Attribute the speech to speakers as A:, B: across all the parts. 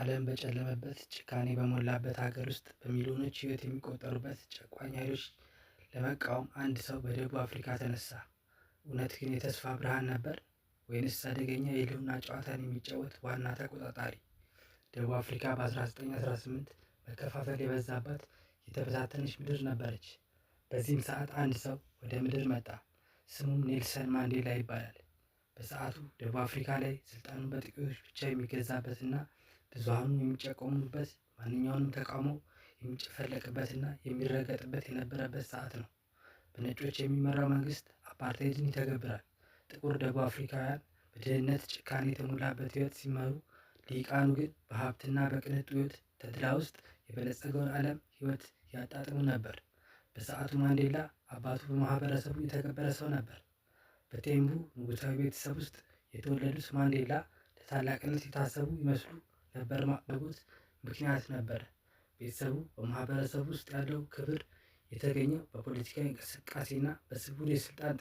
A: ዓለም በጨለመበት ጭካኔ በሞላበት ሀገር ውስጥ በሚሊዮኖች ሕይወት የሚቆጠሩበት ጨቋኝ ኃይሎች ለመቃወም አንድ ሰው በደቡብ አፍሪካ ተነሳ። እውነት ግን የተስፋ ብርሃን ነበር? ወይንስ አደገኛ የልቡና ጨዋታን የሚጫወት ዋና ተቆጣጣሪ? ደቡብ አፍሪካ በ1918 መከፋፈል የበዛባት የተበታተነች ምድር ነበረች። በዚህም ሰዓት አንድ ሰው ወደ ምድር መጣ። ስሙም ኔልሰን ማንዴላ ይባላል። በሰዓቱ ደቡብ አፍሪካ ላይ ስልጣኑን በጥቂቶች ብቻ የሚገዛበትና ብዙሃኑ የሚጨቆሙበት ማንኛውንም ተቃውሞ የሚጨፈለቅበትና የሚረገጥበት የነበረበት ሰዓት ነው። በነጮች የሚመራው መንግስት አፓርታይድን ይተገብራል። ጥቁር ደቡብ አፍሪካውያን በድህነት ጭካኔ የተሞላበት ህይወት ሲመሩ፣ ሊቃኑ ግን በሀብትና በቅንጡ ህይወት ተድላ ውስጥ የበለጸገውን ዓለም ህይወት ያጣጥሙ ነበር። በሰዓቱ ማንዴላ አባቱ በማህበረሰቡ የተከበረ ሰው ነበር። በቴምቡ ንጉሳዊ ቤተሰብ ውስጥ የተወለዱት ማንዴላ ለታላቅነት የታሰቡ ይመስሉ ነበር ማዕበጉት ምክንያት ነበረ። ቤተሰቡ በማህበረሰቡ ውስጥ ያለው ክብር የተገኘው በፖለቲካዊ እንቅስቃሴና በስቡር የስልጣን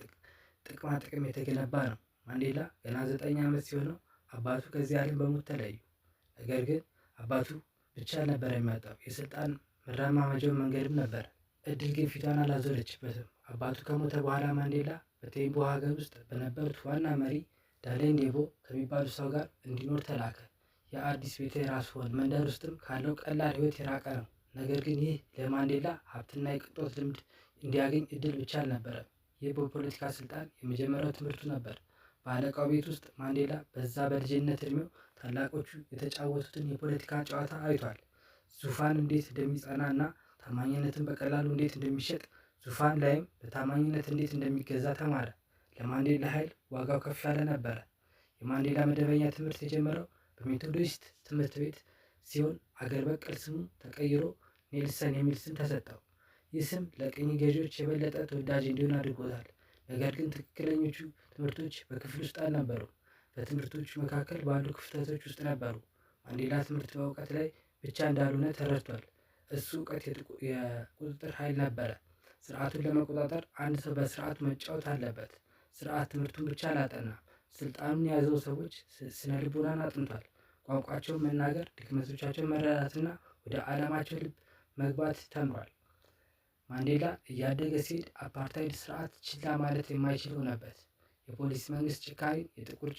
A: ጥቅማ ጥቅም የተገነባ ነው። ማንዴላ ገና ዘጠኝ ዓመት ሲሆነው አባቱ ከዚህ ዓለም በሞት ተለዩ። ነገር ግን አባቱ ብቻ ነበር የሚያጣው። የስልጣን መራማመጃው መንገድም ነበር። እድል ግን ፊቷን አላዞረችበትም። አባቱ ከሞተ በኋላ ማንዴላ በቴምቦ ሀገር ውስጥ በነበሩት ዋና መሪ ዳሌን ዴቦ ከሚባሉ ሰው ጋር እንዲኖር ተላከ። የአዲስ ቤት የራሱ ሆን መንደር ውስጥም ካለው ቀላል ህይወት የራቀ ነው። ነገር ግን ይህ ለማንዴላ ሀብትና የቅንጦት ልምድ እንዲያገኝ እድል ብቻ አልነበረም። ይህ በፖለቲካ ስልጣን የመጀመሪያው ትምህርቱ ነበር። በአለቃው ቤት ውስጥ ማንዴላ በዛ በልጅነት እድሜው ታላቆቹ የተጫወቱትን የፖለቲካ ጨዋታ አይቷል። ዙፋን እንዴት እንደሚጸና እና ታማኝነትን በቀላሉ እንዴት እንደሚሸጥ፣ ዙፋን ላይም በታማኝነት እንዴት እንደሚገዛ ተማረ። ለማንዴላ ኃይል ዋጋው ከፍ ያለ ነበረ። የማንዴላ መደበኛ ትምህርት የጀመረው በሜቶዲስት ትምህርት ቤት ሲሆን አገር በቀል ስሙ ተቀይሮ ኔልሰን የሚል ስም ተሰጠው። ይህ ስም ለቅኝ ገዢዎች የበለጠ ተወዳጅ እንዲሆን አድርጎታል። ነገር ግን ትክክለኞቹ ትምህርቶች በክፍል ውስጥ አልነበሩም። በትምህርቶቹ መካከል ባሉ ክፍተቶች ውስጥ ነበሩ። ማንዴላ ትምህርት በእውቀት ላይ ብቻ እንዳልሆነ ተረድቷል። እሱ እውቀት የቁጥጥር ኃይል ነበረ። ስርዓቱን ለመቆጣጠር አንድ ሰው በስርዓቱ መጫወት አለበት። ስርዓት ትምህርቱን ብቻ አላጠና። ስልጣኑን የያዘው ሰዎች ስነ ልቦናን አጥንቷል። ቋንቋቸውን መናገር፣ ድክመቶቻቸውን መረዳትና ወደ ዓላማቸው ልብ መግባት ተምሯል። ማንዴላ እያደገ ሲሄድ አፓርታይድ ስርዓት ችላ ማለት የማይችል ሆነበት። የፖሊስ መንግስት ጭካሪን፣ የጥቁር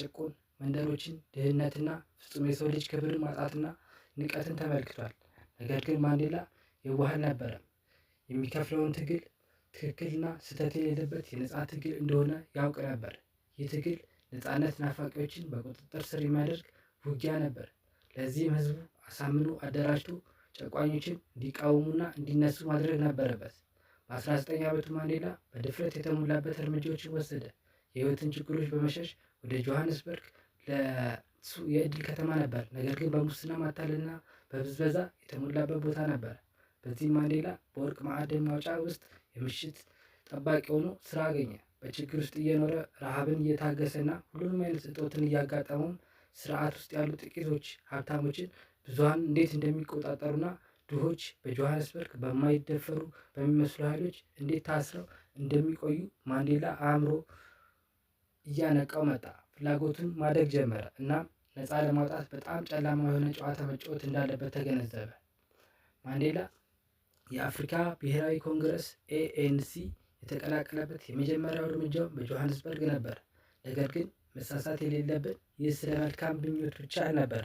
A: ጭቁን መንደሮችን፣ ድህነትና ፍጹም የሰው ልጅ ክብርን ማጣትና ንቀትን ተመልክቷል። ነገር ግን ማንዴላ የዋህ አልነበረም። የሚከፍለውን ትግል ትክክልና ስህተት የሌለበት የነፃ ትግል እንደሆነ ያውቅ ነበር። ይህ ትግል ነፃነት ናፋቂዎችን በቁጥጥር ስር የሚያደርግ ውጊያ ነበር። ለዚህም ህዝቡ አሳምኖ አደራጅቶ ጨቋኞችን እንዲቃወሙና እንዲነሱ ማድረግ ነበረበት። በ19 ዓመቱ ማንዴላ በድፍረት የተሞላበት እርምጃዎችን ወሰደ። የህይወትን ችግሮች በመሸሽ ወደ ጆሃንስበርግ ለሱ የእድል ከተማ ነበር፣ ነገር ግን በሙስና ማታልና በብዝበዛ የተሞላበት ቦታ ነበር። በዚህ ማንዴላ በወርቅ ማዕድን ማውጫ ውስጥ የምሽት ጠባቂ ሆኖ ስራ አገኘ። በችግር ውስጥ እየኖረ ረሃብን እየታገሰና ሁሉንም አይነት እጦትን እያጋጠመውን ስርዓት ውስጥ ያሉ ጥቂቶች ሀብታሞችን ብዙሀን እንዴት እንደሚቆጣጠሩና ድሆች በጆሃንስበርግ በማይደፈሩ በሚመስሉ ኃይሎች እንዴት ታስረው እንደሚቆዩ ማንዴላ አእምሮ እያነቃው መጣ። ፍላጎቱን ማደግ ጀመረ እና ነፃ ለማውጣት በጣም ጨለማ የሆነ ጨዋታ መጫወት እንዳለበት ተገነዘበ። ማንዴላ የአፍሪካ ብሔራዊ ኮንግረስ ኤኤንሲ የተቀላቀለበት የመጀመሪያው እርምጃው በጆሃንስበርግ ነበር። ነገር ግን መሳሳት የሌለብን ይህ ስለ መልካም ምኞት ብቻ ነበር።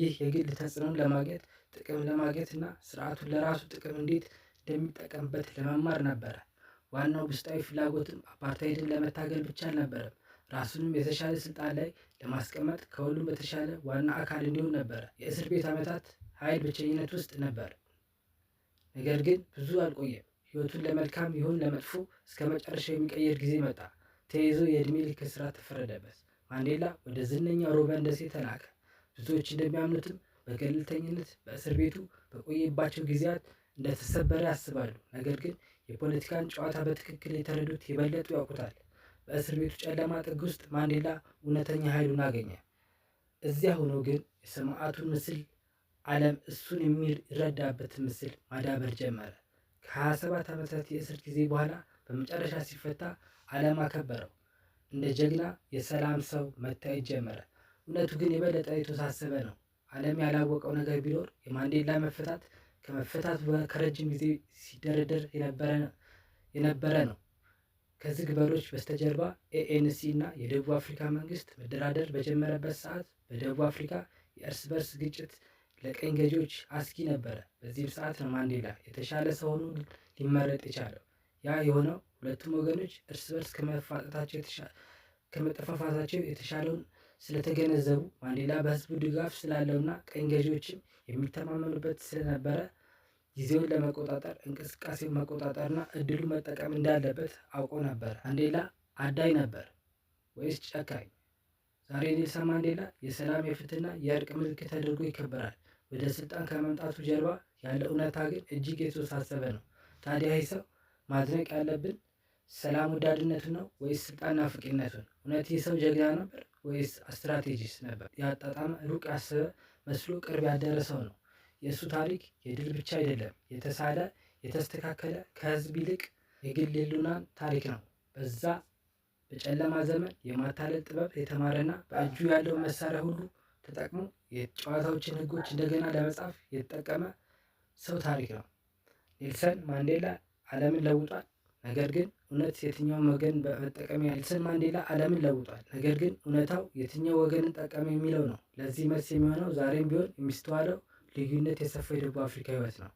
A: ይህ የግል ተጽዕኖን ለማግኘት ጥቅም ለማግኘት እና ስርዓቱን ለራሱ ጥቅም እንዴት እንደሚጠቀምበት ለመማር ነበረ። ዋናው ውስጣዊ ፍላጎትም አፓርታይድን ለመታገል ብቻ አልነበረም፣ ራሱንም የተሻለ ስልጣን ላይ ለማስቀመጥ ከሁሉም በተሻለ ዋና አካል እንዲሆን ነበረ። የእስር ቤት ዓመታት ኃይል ብቸኝነት ውስጥ ነበር፣ ነገር ግን ብዙ አልቆየም። ህይወቱን ለመልካም ይሁን ለመጥፎ እስከ መጨረሻ የሚቀየር ጊዜ መጣ። ተይዞ የእድሜ ልክ እስራት ተፈረደበት። ማንዴላ ወደ ዝነኛ ሩበን ደሴ ተላከ። ብዙዎች እንደሚያምኑትም በገለልተኝነት በእስር ቤቱ በቆየባቸው ጊዜያት እንደተሰበረ ያስባሉ። ነገር ግን የፖለቲካን ጨዋታ በትክክል የተረዱት የበለጡ ያውቁታል። በእስር ቤቱ ጨለማ ጥግ ውስጥ ማንዴላ እውነተኛ ኃይሉን አገኘ። እዚያ ሆኖ ግን የሰማዕቱን ምስል ዓለም እሱን የሚረዳበትን ምስል ማዳበር ጀመረ። ከ ሰባት ዓመታት የእስር ጊዜ በኋላ በመጨረሻ ሲፈታ ዓለም አከበረው። እንደ ጀግና የሰላም ሰው መታየት ጀመረ። እውነቱ ግን የበለጠ የተወሳሰበ ነው። ዓለም ያላወቀው ነገር ቢኖር የማንዴላ መፈታት ከመፈታቱ ከረጅም ጊዜ ሲደረደር የነበረ ነው። ከዝግ በሮች በስተጀርባ ኤኤንሲ እና የደቡብ አፍሪካ መንግስት መደራደር በጀመረበት ሰዓት በደቡብ አፍሪካ የእርስ በርስ ግጭት ለቀኝ ገዢዎች አስጊ ነበረ። በዚህም ሰዓት ነው ማንዴላ የተሻለ ሰው ሆኖ ሊመረጥ የቻለው። ያ የሆነው ሁለቱም ወገኖች እርስ በርስ ከመጠፋፋታቸው የተሻለውን ስለተገነዘቡ ማንዴላ በህዝቡ ድጋፍ ስላለውና ቀኝ ገዢዎችም የሚተማመኑበት ስለነበረ ጊዜውን ለመቆጣጠር እንቅስቃሴው መቆጣጠርና እድሉን መጠቀም እንዳለበት አውቆ ነበር። ማንዴላ አዳይ ነበር ወይስ ጨካኝ? ዛሬ ኔልሰን ማንዴላ የሰላም የፍትህና የእርቅ ምልክት ተደርጎ ይከበራል። ወደ ስልጣን ከመምጣቱ ጀርባ ያለው እውነታ ግን እጅግ የተወሳሰበ ነው። ታዲያ ይህ ሰው ማድነቅ ያለብን ሰላም ወዳድነቱን ነው ወይስ ስልጣን ናፍቂነቱን እውነት ይህ ሰው ጀግና ነበር ወይስ ስትራቴጂስት ነበር? ያጣጣመ ሩቅ ያሰበ መስሎ ቅርብ ያደረሰው ነው። የእሱ ታሪክ የድል ብቻ አይደለም። የተሳለ የተስተካከለ ከህዝብ ይልቅ የግል ህልውናን ታሪክ ነው። በዛ በጨለማ ዘመን የማታለል ጥበብ የተማረና በእጁ ያለው መሳሪያ ሁሉ ተጠቅሞ የጨዋታዎችን ህጎች እንደገና ለመጻፍ የተጠቀመ ሰው ታሪክ ነው። ኔልሰን ማንዴላ ዓለምን ለውጧል፣ ነገር ግን እውነት የትኛውን ወገን በመጠቀም ኔልሰን ማንዴላ ዓለምን ለውጧል፣ ነገር ግን እውነታው የትኛው ወገንን ጠቀመ የሚለው ነው። ለዚህ መልስ የሚሆነው ዛሬም ቢሆን የሚስተዋለው ልዩነት የሰፋ የደቡብ አፍሪካ ህይወት ነው።